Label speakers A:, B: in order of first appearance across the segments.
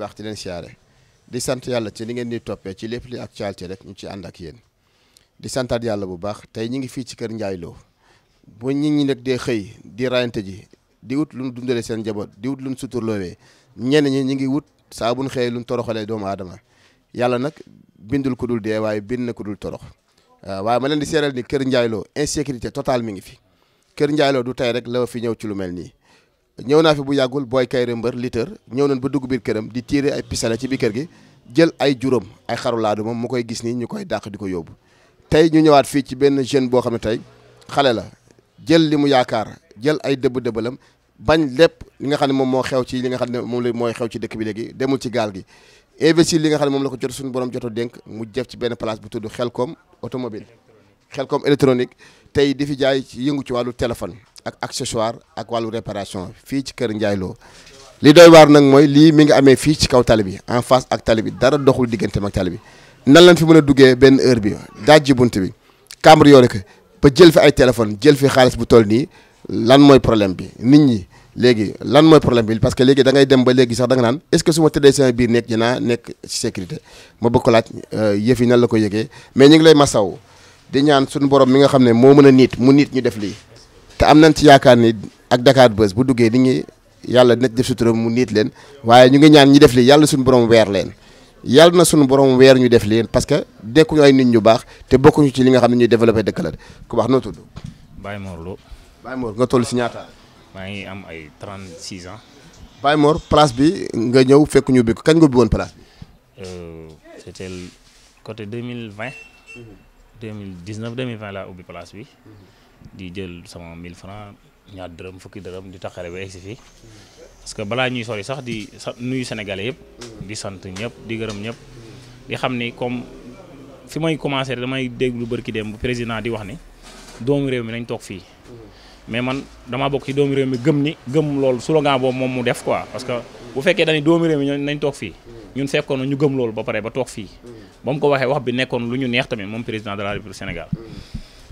A: baax di leen siyaare di sant yàlla ci li ngeen di toppee ci lépp li actualité rek ñu ci ànd ak yéen di santaat yàlla bu baax tey ñu ngi fii ci kër njaayloo Lo bu nit ñi nag dee xëy di rayante ji di wut luñ dundalee seen njaboot di wut luñ suturloowee ñenn ñi ñu ngi wut saa buñ xëyee luñ toroxalee doomu aadama yàlla nag bindul ku dul dee waaye bind na ku dul torox waaye ma leen di seeral ni kër Ndiaye Lo insécurité totale mi ngi fi kër Ndiaye du tey rek la ñëw ci lu mel nii ñëw naa fi bu yàggul booy kayre mbër litter ñëw nañ ba dugg biir këram di tiire ay pisale ci biir kër gi jël ay juróom ay xaru moom mu koy gis nii ñu koy dàq di ko yóbbu tey ñu ñëwaat fii ci benn jeune boo xam ne tey xale la jël li mu yaakaar jël ay dëbb-dëbbalam bañ lépp li nga xam ne moom moo xew ci li nga xam ne moom la mooy xew ci dëkk bi léegi demul ci gaal gi investir li nga xam ne moom la ko jot suñu borom joto dénk mu jëf ci benn place bu tudd xel koom xelkom xel xelkom électronique tey di fi jaay yëngu ci wàllu téléphone ak accessoire ak wàllu réparation fii ci kër Ndiaye Lo li doy waar nag mooy lii mi ngi amee fii ci kaw tali bi en face ak tali bi dara doxul diggante ak tali bi nan lañ fi mën a duggee benn heure bi dajji bunt bi cambre yore ko ba jël fi ay téléphone jël fi xaalis bu toll nii lan mooy problème bi nit ñi léegi lan mooy problème bi parce que léegi da ngay dem ba léegi sax danga nga naan est-ce que su ma tëddee sama biir nekk dinaa nekk sécurité ma bëgg ko laaj euh, yëf yi nan la ko yëgee mais ñu ngi lay masaw di ñaan suñu borom mi nga xam ne moo mën a niit mu niit ñu def lii te am nañ ci yaakaar ni ak dakaar Buzz bu duggee ni ngi yàlla dina def sutura mu niit leen waaye ñu ngi ñaan ñi def lii yàlla suñu borom weer leen yàlla na suñu borom weer ñu def leen parce que dekkuñu ay nit ñu baax te bokkuñu ci li nga xam ne ñuy développé dëkk la ku baax noo tudd.
B: Baye Mor Lo. Baye
A: Mor nga toll si ñaata.
B: maa ngi am ay trent 36 ans.
A: Baye moor place bi nga ñëw fekk ñu bi ko kañ nga bi woon place bi.
B: Euh, c'était côté 2020. 2019 2020 laa ubbi place bi. Mhm. di jël sama mille francs ñaar dërëm fukki dërëm di taxale ba egsi fii parce que balaa ñuy sori sax di nuyu sénégalais yëpp. di sant ñëpp di gërëm ñëpp. di xam ni comme fi may commencé damay dégg lu bërki dem bu président di wax ni doomu réew mi nañ toog fii. mais man damaa bokk ci doomu réew mi gëm ni gëm loolu slogan boobu moom mu def quoi parce que bu fekkee dañuy doomu réew mi nañ toog fii. ñun fekkoon ñu gëm loolu ba pare ba toog fii. ba mu ko waxee wax bi nekkoon lu ñu neex tamit moom président de la république Sénégal.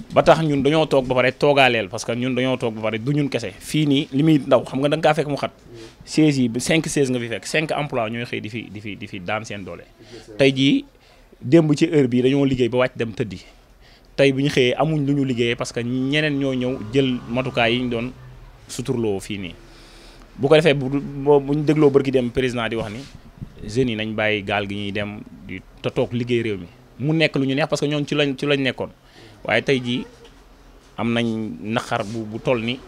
B: ba tax ñun dañoo toog ba pare toogaaleel parce que ñun dañoo toog ba pare du ñun kese fii nii li muy ndaw xam nga da nga kaa fekk mu xat seize yi cinq seize nga fi fekk cinq emploi ñooy xëy di fi di fi di daan seen doole tey jii démb ci heure bi dañoo liggéey ba wàcc dem tëddi tey bu ñu xëyee amuñ lu ñu liggéeyee parce que ñeneen ñoo ñëw jël matukaay yi ñu doon suturloo fii nii bu ko defee bu buñ dégloo bërki dem président di wax ni jeunes yi nañ bàyyi gaal gi ñuy dem di te toog liggéey réew mi mu nekk lu ñu neex parce que ñoom ci lañ ci lañ nekkoon waaye tey jii am nañ naqar bu bu toll ni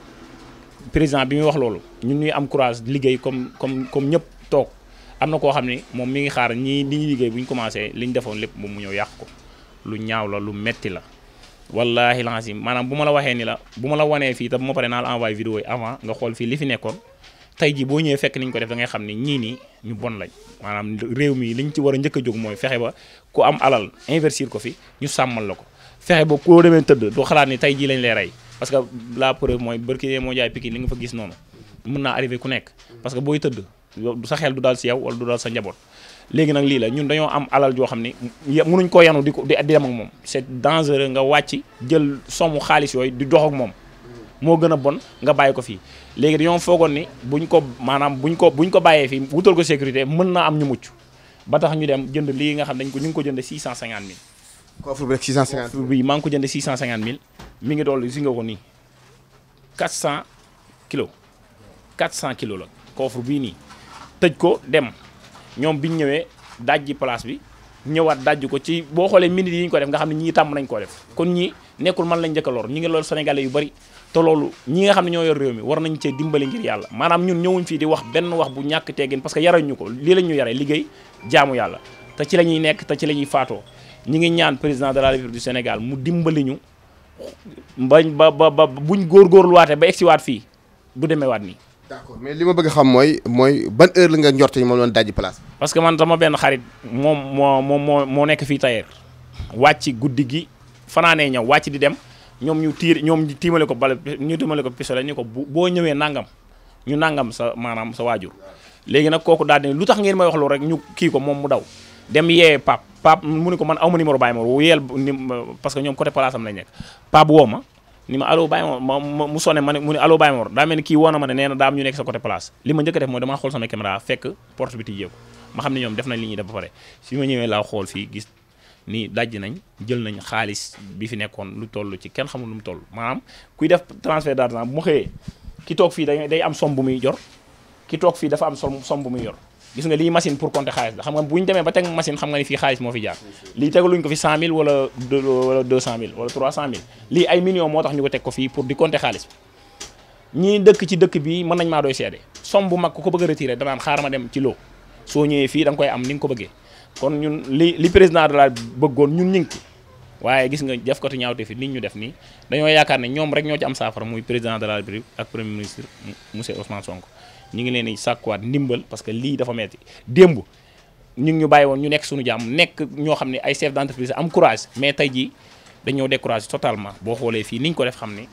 B: président bi muy wax loolu ñun ñuy am courage liggéey comme comme comme ñëpp toog am na koo xam ne moom mi ngi xaar ñii li ñu liggéey bu ñu commencé li ñu defoon lépp moom mu ñëw yàq ko lu ñaaw la lu metti la wallaahi lancim maanaam bu ma la waxee ni la bu ma la wanee fii te bu ma paree naa la envoyé vidéo yi avant nga xool fii li fi nekkoon tey ji boo ñëwee fekk niñ ko def da ngay xam ne ñii nii ñu bon lañ maanaam réew mi liñ ci war a njëkk a jóg mooy fexe ba ku am alal investir ko ñu sàmmal la ko fexe ba koo demee tëdd doo xalaat ni tey jii lañ lay rey parce que la preuve mooy bërki moo jaay Pikine li nga fa gis noonu mën naa arrivé ku nekk parce que booy tëdd sa xel du daal si yow wala du daal sa njaboot léegi nag lii la ñun dañoo am alal joo xam ne mënuñ ko yanu di ko di dem ak moom c'est dangereux nga wàcc jël somu xaalis yooyu di dox ak moom moo gën a bon nga bàyyi ko fii léegi dañoo foogoon ni buñ ko maanaam buñ ko buñ ko bàyyee fii wutal ko sécurité mën naa am ñu mucc ba tax ñu dem jënd coffre bi rek 650 coffre bi maa ngi ko jëndee 650 mille ngi dool si nga ko nii 400 kilos 400 kilos la coffre bii nii tëj ko dem ñoom biñ ñëwee dajji place bi ñëwaat dajji ko ci boo xoolee minutes yi ñu ko def nga xam ne ñii tàmm nañ ko def kon ñi nekkul man lañ njëkk a lor ñi ngi lool sénégalais yu bari te nga xam ne ñoo yor réew mi war nañ cee dimbali ngir yàlla maanaam ñun ñëwuñ fii di wax benn wax bu ñàkk teggin parce que yarañ ñu ko lii lañ ñu yaree liggéey jaamu yàlla te ci la ñuy nekk te ci la ñuy faatoo ñi ngi ñaan président de la République du Sénégal mu dimbali ñu bañ ba ba ba bu buñ góorgóorluwaatee ba egsi waat fii bu demee waat nii.
A: d'accord mais li ma bëgg xam mooy mooy ban heure la nga njort ni moom doon dajji place.
B: parce que man sama benn xarit moom moo moo moo moo nekk fii tailleur wàcc guddi gi fanaanee ñëw wàcc di dem ñoom ñu tiir ñoom ñu tiimale ko bala ñu tiimale ko pistolet ñu ko bu boo ñëwee nangam ñu nangam sa maanaam sa waajur léegi nag kooku daal di lu tax ngeen may wax loolu rek ñu kii ko moom mu daw dem yee pap Pape mu ne ko man aw ma numéro Baye Mor wuyeel parce que ñoom côté place am lañ nekk Pape woo ma ni ma allo Baye Mor ma mu sonné ma ne mu ne allo Baye Mor daa mel ni kii ne nee na daam ñu nekk sa côté place li a def mooy damaa xool sama caméra fekk porte bi tijjeeku ma xam ne ñoom def nañ li ñuy def pare si ma ñëwee laa xool fii gis ni dajj nañ jël nañ xaalis bi fi nekkoon lu toll ci kenn xamul lu mu toll maanaam kuy def transfert d'argent bu xëyee ki toog fii day am som bu muy jor ki toog fii dafa am som som bu muy gis nga lii machine pour compter xaalis la xam nga bu ñu demee ba teg machine xam nga ni fii xaalis moo fi jaar lii tegaluñ ko fi 100000 wala wala 200000 wala 300000 lii ay millions moo tax ñu ko teg ko fii pour di compter xaalis ñii dëkk ci dëkk bi mën nañ maa doy seede somme bu mag ku ko bëgg a retiré danaan xaar ma dem ci loo soo ñëwee fii da nga koy am ni nga ko bëggee kon ñun li li président de la bëggoon ñun ñu ngi waaye gis nga jafkatu ñaawte fi nit ñu def nii dañoo yaakaar ne ñoom rek ñoo ci am saafara muy président de la République ak premier ministre monsieur Ousmane Sonko ñu ngi leen di sàkkuwaat ndimbal parce que lii dafa metti démb ñu ngi ñu bàyyi woon ñu nekk suñu jàmm nekk ñoo xam ne ay chef d'entreprise am courage mais tey jii dañoo découragé totalement boo xoolee fii niñ ko def xam ni.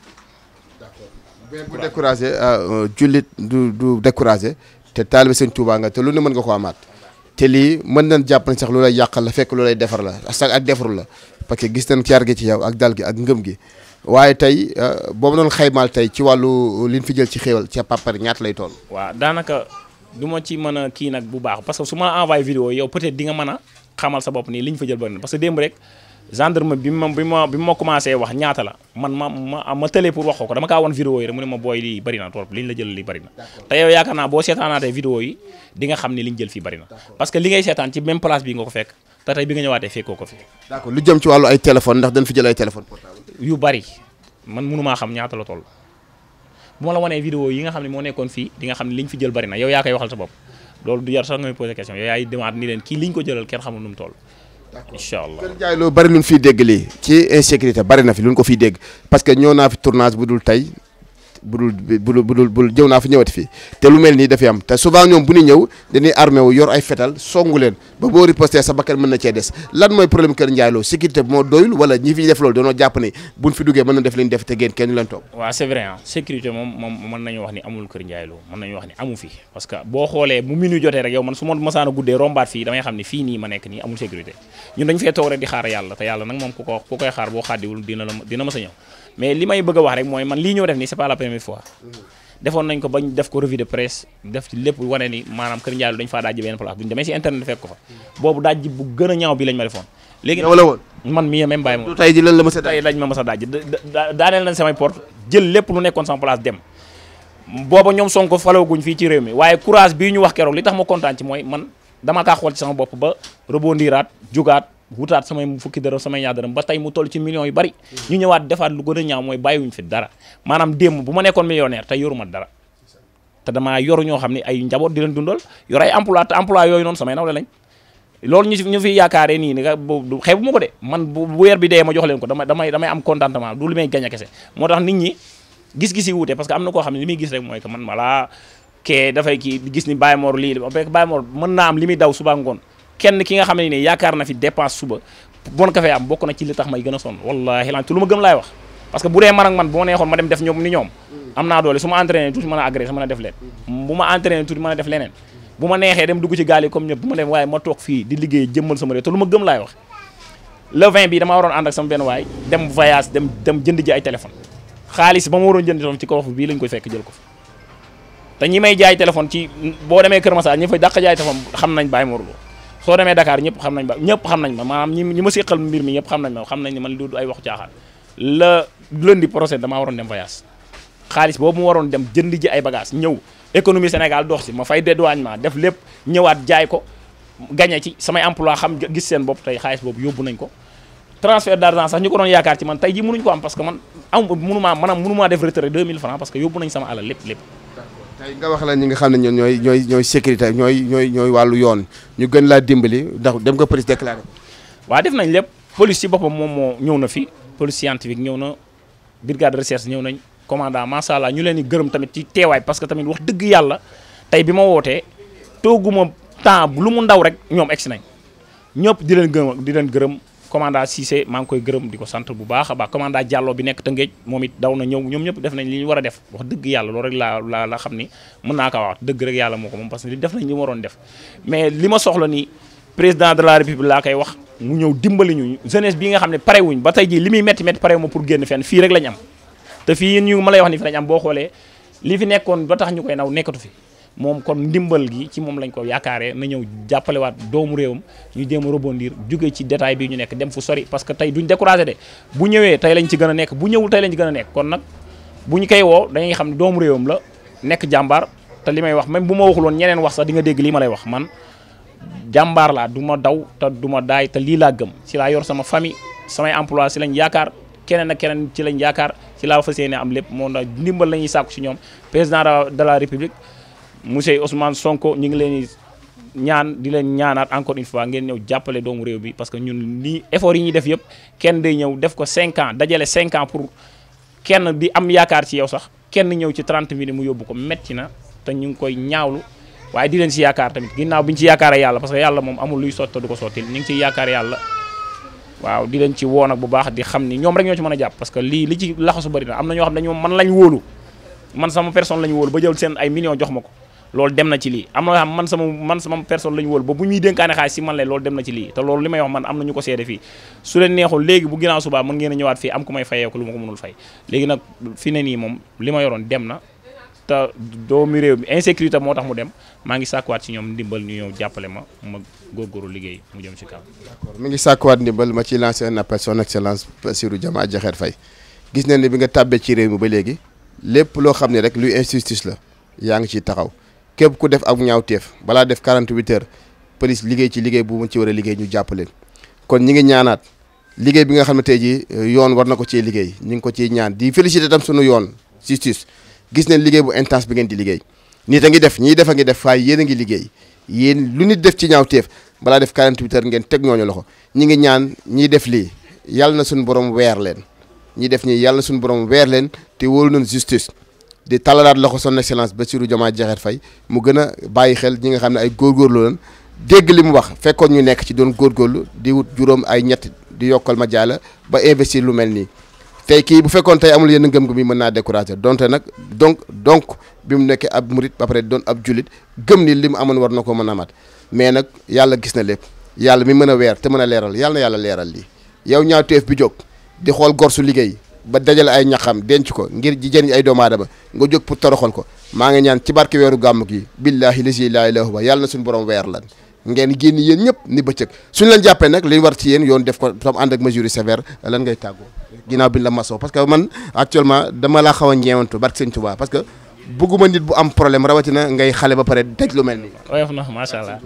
A: d'accord mais bu euh, euh, du du découragé te taalibe Sëñ Tuubaa nga te lu ne mën nga ko amaat. te lii mën nañ jàpp ne sax lu lay yàqal la fekk lu lay defar la sax ak defaru la parce que gis nañ caar gi ci yow ak dal gi ak ngëm gi. waaye tey euh, boo ma doon xaymaal tey ci wàllu li ñu fi jël ci xéewal ca papar ñaat lay tool
B: waa daanaka du ma ci mën a kii nag bu baax parce que su ma envoyé vidéo yow peut-être di nga mën a xamal sa bopp nii li ñu fa jël bëri na parce que démb rek gendarme wax ñaata la man ma ma ma tëlee li bëri na torop li ñu la jël li bëri na te yow yaakaar naa boo seetaanaatee vidéo ngay seetaan ci même place bi nga ko fekk te tey bi nga ñëwaatee fekkoo ko fi. lu
A: jëm ci wàllu ay téléphone ndax dañ fi jël ay téléphone
B: yu bari man mënumaa xam ñaata la toll bu ma la wanee vidéo yi nga xam ne moo nekkoon fii di nga xam ne liñ fi jël bari na yow yaa koy waxal sa loolu du jar sax nga may posé question yow yaay demaat ni leen kii liñ ko jëlal kenn xamul nu mu toll. incha allah Kër
A: Ndiaye loo bari dégg lii ci insécurité bari na fi luñ ko fiy dégg parce que ñëw naa budul budul budul budul jëw naa fi ñëwati fii te lu mel nii dafay am te souvent ñoom bu ñu ñëw dañuy armé wu yor ay fetal songu leen ba boo riposté sa bakkan mën na cee des lan mooy problème Kër Ndiaye Lo sécurité bi moo doyul wala ñi fi def loolu dañoo jàpp ne buñ fi duggee mën na def li ñu def te génn kenn ñu leen toog
B: waaw c'est vrai ah sécurité moom moom mën nañu wax ni amul Kër Ndiaye Lo mën nañu wax ni amu fi parce que boo xoolee bu minuit jotee rek yow man su ma masaana guddee rombaat fii damay xam ne fii nii ma nekk nii amul sécurité ñun dañu fee toog rek di xaar yàlla te yàlla nag moom ku ko ku koy xaar boo xaddiwul dina la dina ma sa ñëw mais li may bëgg a wax rek mooy man lii ñëw def nii c'est pas la fois. defoon nañ ko bañ def ko revue de presse def lépp wane ni maanaam Kër Ndiaye dañ faa daaj benn place bu ñu demee si internet fekk ko fa. boobu daaj bu gën ñaaw bi lañ ma defoon. léegi man mii même bàyyi ma. tey ji lan la mës a daaj tey lañ a daaj daaneel nañ samay porte jël lépp lu nekkoon sama place dem. booba ñoom Sonko faloguñ fii ci réew mi waaye courage bii ñu wax keroog li tax ma kontaan ci mooy man dama kaa wutaat samay fukki dara samay ñaar dërëm ba tey mu toll ci millions yu bari ñu ñëwaat defaat lu gën a ñaaw mooy bàyyiwuñ fi dara maanaam démb bu ma nekkoon millionnaire tey yoruma dara te damaa yoru ñoo xam ne ay njaboot di leen dundal yor ay emploi te emploi yooyu noonu samay nawle lañ loolu ñu si ñu fi yaakaaree nii ni nga xeebu ma ko de man bu weer bi dee ma jox leen ko dama damay damay am contentement du li may gañ a kese moo tax nit ñi gis-gis yi wuute parce que na koo xam ne li muy gis rek mooy que man malaa kee dafay kii gis ni Baye lii fekk Baye Mor naa am li muy daw suba ngoon kenn ki nga xam ne nii yaakaar na fi dépense suba bon café am bokk na ci li tax may gën a son wallaahi lan te lu ma gëm laay wax parce que bu dee man ak man neexoon ma dem def ñoom ni ñoom am naa doole su ma entraîné tuuti mën a agressé mën a def leen bu ma entraîné tuuti a def leneen bu ma neexee dem dugg ci gaal comme ñëpp bu ma dem waaye ma toog fii di liggéey jëmmal sama réew te lu ma gëm laay wax le bi damaa waroon ànd ak sama benn waay dem voyage dem dem jënd ji ay téléphone xaalis ba ma waroon jënd téléphone ci bii lañ koy fekk jël ko fi may jaay téléphone ci boo demee Kër Massar ñi fay dàq jaay téléphone nañ bàyyi ma waruloo soo demee Dakar ñëpp xam nañ ba ñëpp xam nañ ma maanaam ñi ñi ma seqal mbir mi ñëpp xam nañ ma xam nañ ne man du ay waxu caaxaan la lundi prochain damaa waroon dem voyage xaalis boobu mu waroon dem jënd ji ay bagage ñëw économie Sénégal dox si ma fay dédouanement def lépp ñëwaat jaay ko gañe ci samay emploi xam gis seen bopp tey xaalis boobu yóbbu nañ ko transfert d'argent sax ñu ko doon yaakaar ci man tey ji mënuñ ko am parce que man am mënumaa maanaam mënumaa tey nga wax
A: la ñi nga xam ne ñoom ñooy ñooy ñooy sécurité ñooy ñooy ñooy wàllu yoon ñu gën laa dimbali ndax dem nga police déclaré
B: waaw def nañ lépp police ci boppam moom moo ñëw na fi police scientifique ñëw na brigade de recherche ñëw nañ commandant macha allah ñu leen di gërëm tamit ci teewaay parce que tamit wax dëgg yàlla tey bi ma wootee tooguma temps lu mu ndaw rek ñoom egsi nañ ñëpp di leen gërëm di leen gërëm commanda Cissé maa ngi koy gërëm di ko sant bu baax a baax commanda Diallo bi nekk Tëngéej moom it daw na ñëw ñoom ñëpp def nañ li ñu war a def wax dëgg yàlla loolu rek laa la xam ni mën naa ko wax dëgg rek yàlla moo ko moom parce que li def nañ li mu waroon def mais li ma laa koy wax mu ñëw dimbali ñu jeunesse bi nga xam ne pare wuñ ba tey jii li muy métti métti pare ma pour génn fenn fii rek lañ am te fii ñu ma lay wax ni fi lañ am boo xoolee li fi nekkoon ba tax ñu koy naw nekkatu fi moom kon ndimbal gi ci moom lañ ko yaakaaree na ñëw jàppalewaat doomu réewam ñu jéem a rebondir jóge ci détail bi ñu nekk dem fu sori parce que tey duñ découragé de bu ñëwee tey lañ ci gën a nekk bu ñëwul tey lañ ci gën a nekk kon nag bu ñu koy woo dañuy xam ne doomu réewam la nekk jàmbaar te li may wax même bu ma waxuloon ñeneen wax sax di nga dégg lii ma lay wax man jàmbaar laa du ma daw te du ma daay te lii laa gëm ci laa yor sama famille samay emploi si yaakaar keneen ak keneen ci lañ yaakaar ci laa fas yéene am lépp moo tax ndimbal la ñuy sàkku si ñoom président de la république monsieur Ousmane Sonko ñu ngi leen ñaan di leen ñaanaat encore une fois ngeen ñëw jàppale doomu réew bi parce que ñun lii effort yi ñuy def yëpp kenn day ñëw def ko 5 ans dajale 5 ans pour kenn di am yaakaar ci yow sax kenn ñëw ci 30 minutes mu yóbbu ko metti na te ñu ngi koy ñaawlu waaye di leen ci yaakaar tamit ginnaaw bi ñu ci yaakaaree yàlla parce que yàlla moom amul luy sotti te du ko sottil ñu ngi ciy yaakaar yàlla waaw di leen ci woo nag bu baax di xam ni ñoom rek ñoo ci a jàpp parce que lii li ci laxasu bëri na am na ñoo xam man lañ wóolu man sama personne lañ wóolu seen ay millions jox ma ko loolu dem na ci lii am na yoo man sama man sama personne la ñu wóolu ba bu ñuy dénkaane xaalis si man la loolu dem na ci lii te loolu li may wax man am na ñu ko seede fii su leen neexul léegi bu ginnaaw subaa mën ngeen a ñëwaat fii am ku may fayee ko lu ma ko nag fi ne nii moom li ma yoroon dem na te doomu réew mi insécurité moo tax mu dem maa ngi sàkkuwaat ci ñoom ndimbal ñu ñëw jàppale ma ma góorgóorlu liggéey mu jëm ci kaw.
A: d'accord mi ngi sàkkuwaat ndimbal ma ci lancer un appel son excellence Bassirou Diomaye Diakhar Faye gis nañ ne bi nga tàbbee ci réew mi ba léegi lépp loo xam ne rek luy injustice la yaa ngi ciy taxaw képp ku def ak ñaawteef balaa def 48 heures police liggéey ci liggéey bu mu ci war a liggéey ñu jàppale kon ñi ngi ñaanaat liggéey bi nga xamante ne tey euh, yoon war na ko cee liggéey ñu ngi ko ciy ñaan di féliciter tam sunu yoon justice gis nañ liggéey bu intense bi ngeen di liggéey nii a ngi def ñiy def a ngi def faay yéen ngi liggéey yéen lu nit def ci ñaaw ñaawteef balaa def 48 heures ngeen teg ñooñu loxo ñi ngi ñaan ñiy def lii yàlla na suñu borom weer leen ñi def ñi yàlla suñu borom weer leen te wóolu nañ justice di talalaat loxo son excellence Bassirou Diomaye Diakhar fay mu gën a bàyyi xel ñi nga xam ne ay góorgóorlu lañ dégg li mu wax fekkoon ñu nekk ci doon góorgóorlu di wut juróom ay ñetti di yokkal ma jaala ba investir lu mel nii tey kii bu fekkoon tey amul yenn ngëm-ngëm yi mën naa décourager donte nag donc donc bi mu nekkee ab murit ba pare doon ab jullit gëm ni li mu amoon war na ko mën a amaat mais nag yàlla gis na lépp yàlla mi mën a weer te mën a leeral yàlla yàlla leeral lii yow ñaaw teef bi jóg di xool gor liggéey ba dajale ay ñaxam denc ko ngir ji jëriñ ay doomu aadama nga jóg pour toroxal ko maa ngi ñaan ci barke weeru gàmm gi billaahi la laa ilaaha huwa yàlla na suñu borom weer lan ngeen génn yéen ñëpp ni bëccëg suñu leen jàppee nag liñ war yoon def ko tam ànd ak mesure sévère lan ngay tàggoo ginnaaw bi ñu masoo parce que man actuellement dama laa xaw a ñeewantu barke sëñ Tuubaa parce
B: que bëgguma nit bu am problème rawatina ngay xale ba pare daj lu mel nii oyof na macha allah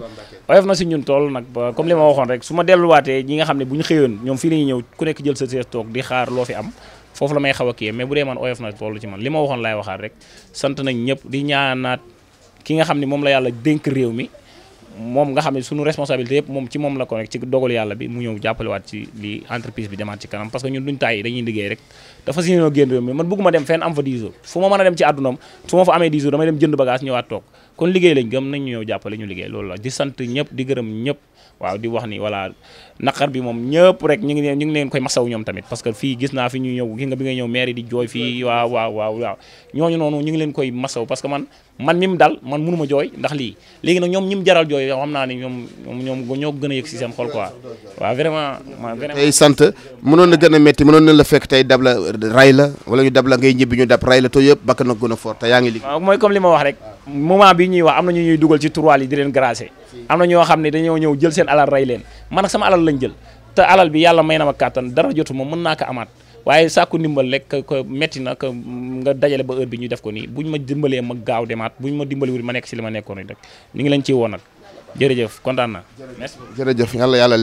B: oyof na si ñun tool nag comme li ma waxoon rek su ma delluwaatee ñi nga xam ne bu ñu xëyoon ñoom fii la ñëw ku nekk jël sa sees toog di xaar loo fi am foofu la may xaw a kii mais bu dee man oyof na toll ci man li ma waxoon laay waxaat rek sant nañ ñëpp di ñaanaat ki nga xam ne moom la yàlla dénk réew mi moom nga xam ne suñu responsabilité yëpp moom ci moom la ko nekk ci dogal yàlla bi mu ñëw jàppalewaat ci li entreprise bi demaat ci kanam parce que ñun duñ tàyyi dañuy liggéey rek dafa si ñoo génn réew mi man bëgguma dem fenn am fa 10 fu ma mën a dem ci àddunaam su ma fa amee 10 jours damay dem jënd bagage ñëwaat kon liggéey lañ gëm ñëw jàppale ñu liggéey loolu la di sant ñëpp di gërëm ñëpp waaw di wax ni voilà naqar bi moom ñëpp rek ñu ngi ñu ngi leen koy masaw ñoom tamit parce que fii gis naa fi ñuy ñëw gis nga bi ngay ñëw maire di jooy fii waaw waaw waaw waaw ñooñu ñu ngi leen koy masaw parce que man man mi mu dal man mënuma ñoom ñi mu jaral jooy xam naa ne ñoom ñoom ñoo gën a yëg si seen xol quoi waaw vraiment tey
A: sant mënoon na gën a métti mënoon na la fekk tey dab la ray la wala ñu dab la ngay ñibbi ñu dab ray la to yëpp bakk na gën a
B: fort te yaa rek moment bi ñuy wax am na ñu ñuy dugal ci turwaal yi di leen gracé am na ñoo xam ne dañoo ñëw jël seen alal rey leen man ak sama alal lañ jël te alal bi yàlla may na ma kàttan dara jotu ma mën naa ko amaat waaye sàkku ndimbal rek ko metti na nga dajale ba heure bi ñu def ko nii buñ ma dimbalee ma gaaw demaat buñ ma dimbali wul ma nekk si li ma nekkoon rek ñu ngi leen ciy woon nag jërëjëf kontaan na merci jërëjëf yàlla yàlla